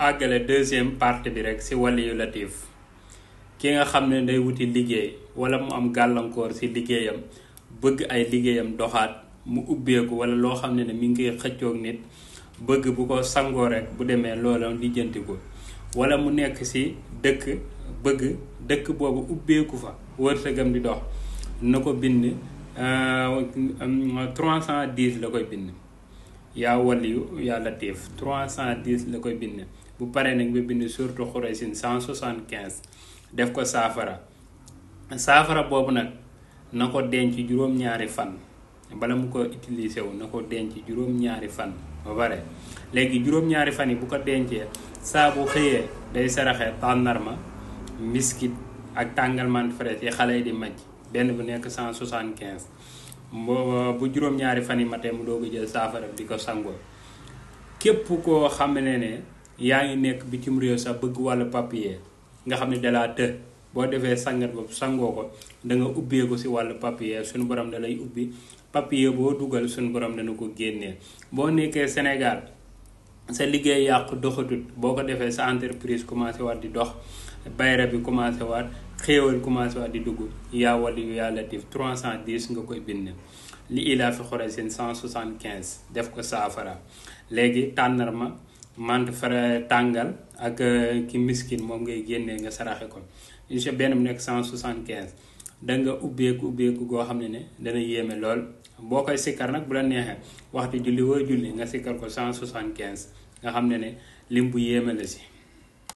àggale deusième partie bi rek ci waliyu latif ki nga xam ne day wuti liggéey wala mu am gàllankoor si liggéeyam bëgg ay liggéeyam doxaat mu ubbeeku wala loo xam ne ne mi ngi koy xëccoog nit bëgg bu ko sangoo rek bu demee loola lijjanti ko wala mu nekk ci dëkk bëgg dëkk boobu ubbeeku fa wërsëgam di dox na ko bind 310 euh, la koy bind yaa waliyu yaa cent 310 la koy bind bu paree nag nga bind surtout cent xuraysin quinze def ko saafara saafara boobu nag na ko denc juróom-ñaari fan bala mu ko utiliser wu na ko denc juróom-ñaari fan ba pare léegi juróom-ñaari fan yi bu ko dencee saabu xëyee day saraxee tàndarma miskit ak tàngal mentfrais yi xale yi di màcc benn bu nekk cent 175 booba bu juróom-ñaari fan yi matee mu doo a jël saafara di ko sangoo képp koo xam ne ne yaa ngi nekk bitim réew sax bëgg wàllu papier nga xam ne dalaa të boo defee sangat ba sangoo ko da nga ubbee ko si wàllu papier suñu borom da lay ubbi papier boo dugal suñu borom dana ko génnee boo nekkee Sénégal sa liggéey yàq doxatut boo ko defee sa entreprise commencé waat di dox bayra bi commencé waat xéewal commencé waa di dugg yaa wali yu yaa cent 310 nga koy bind li ilaa fi xore seen quinze def ko saafara léegi tàndarma mante fara tàngal ak euh, ki miskin moom ngay génnee nga saraxe ko incha benn bu nekk cent 175 danga ubbeeku ubbeeku goo xam ne ne dana yéeme lool boo koy sikkar nag bu la neexee waxtu julli woo julli nga sikkar ko 175 nga xam ne ne lim bu yéeme la si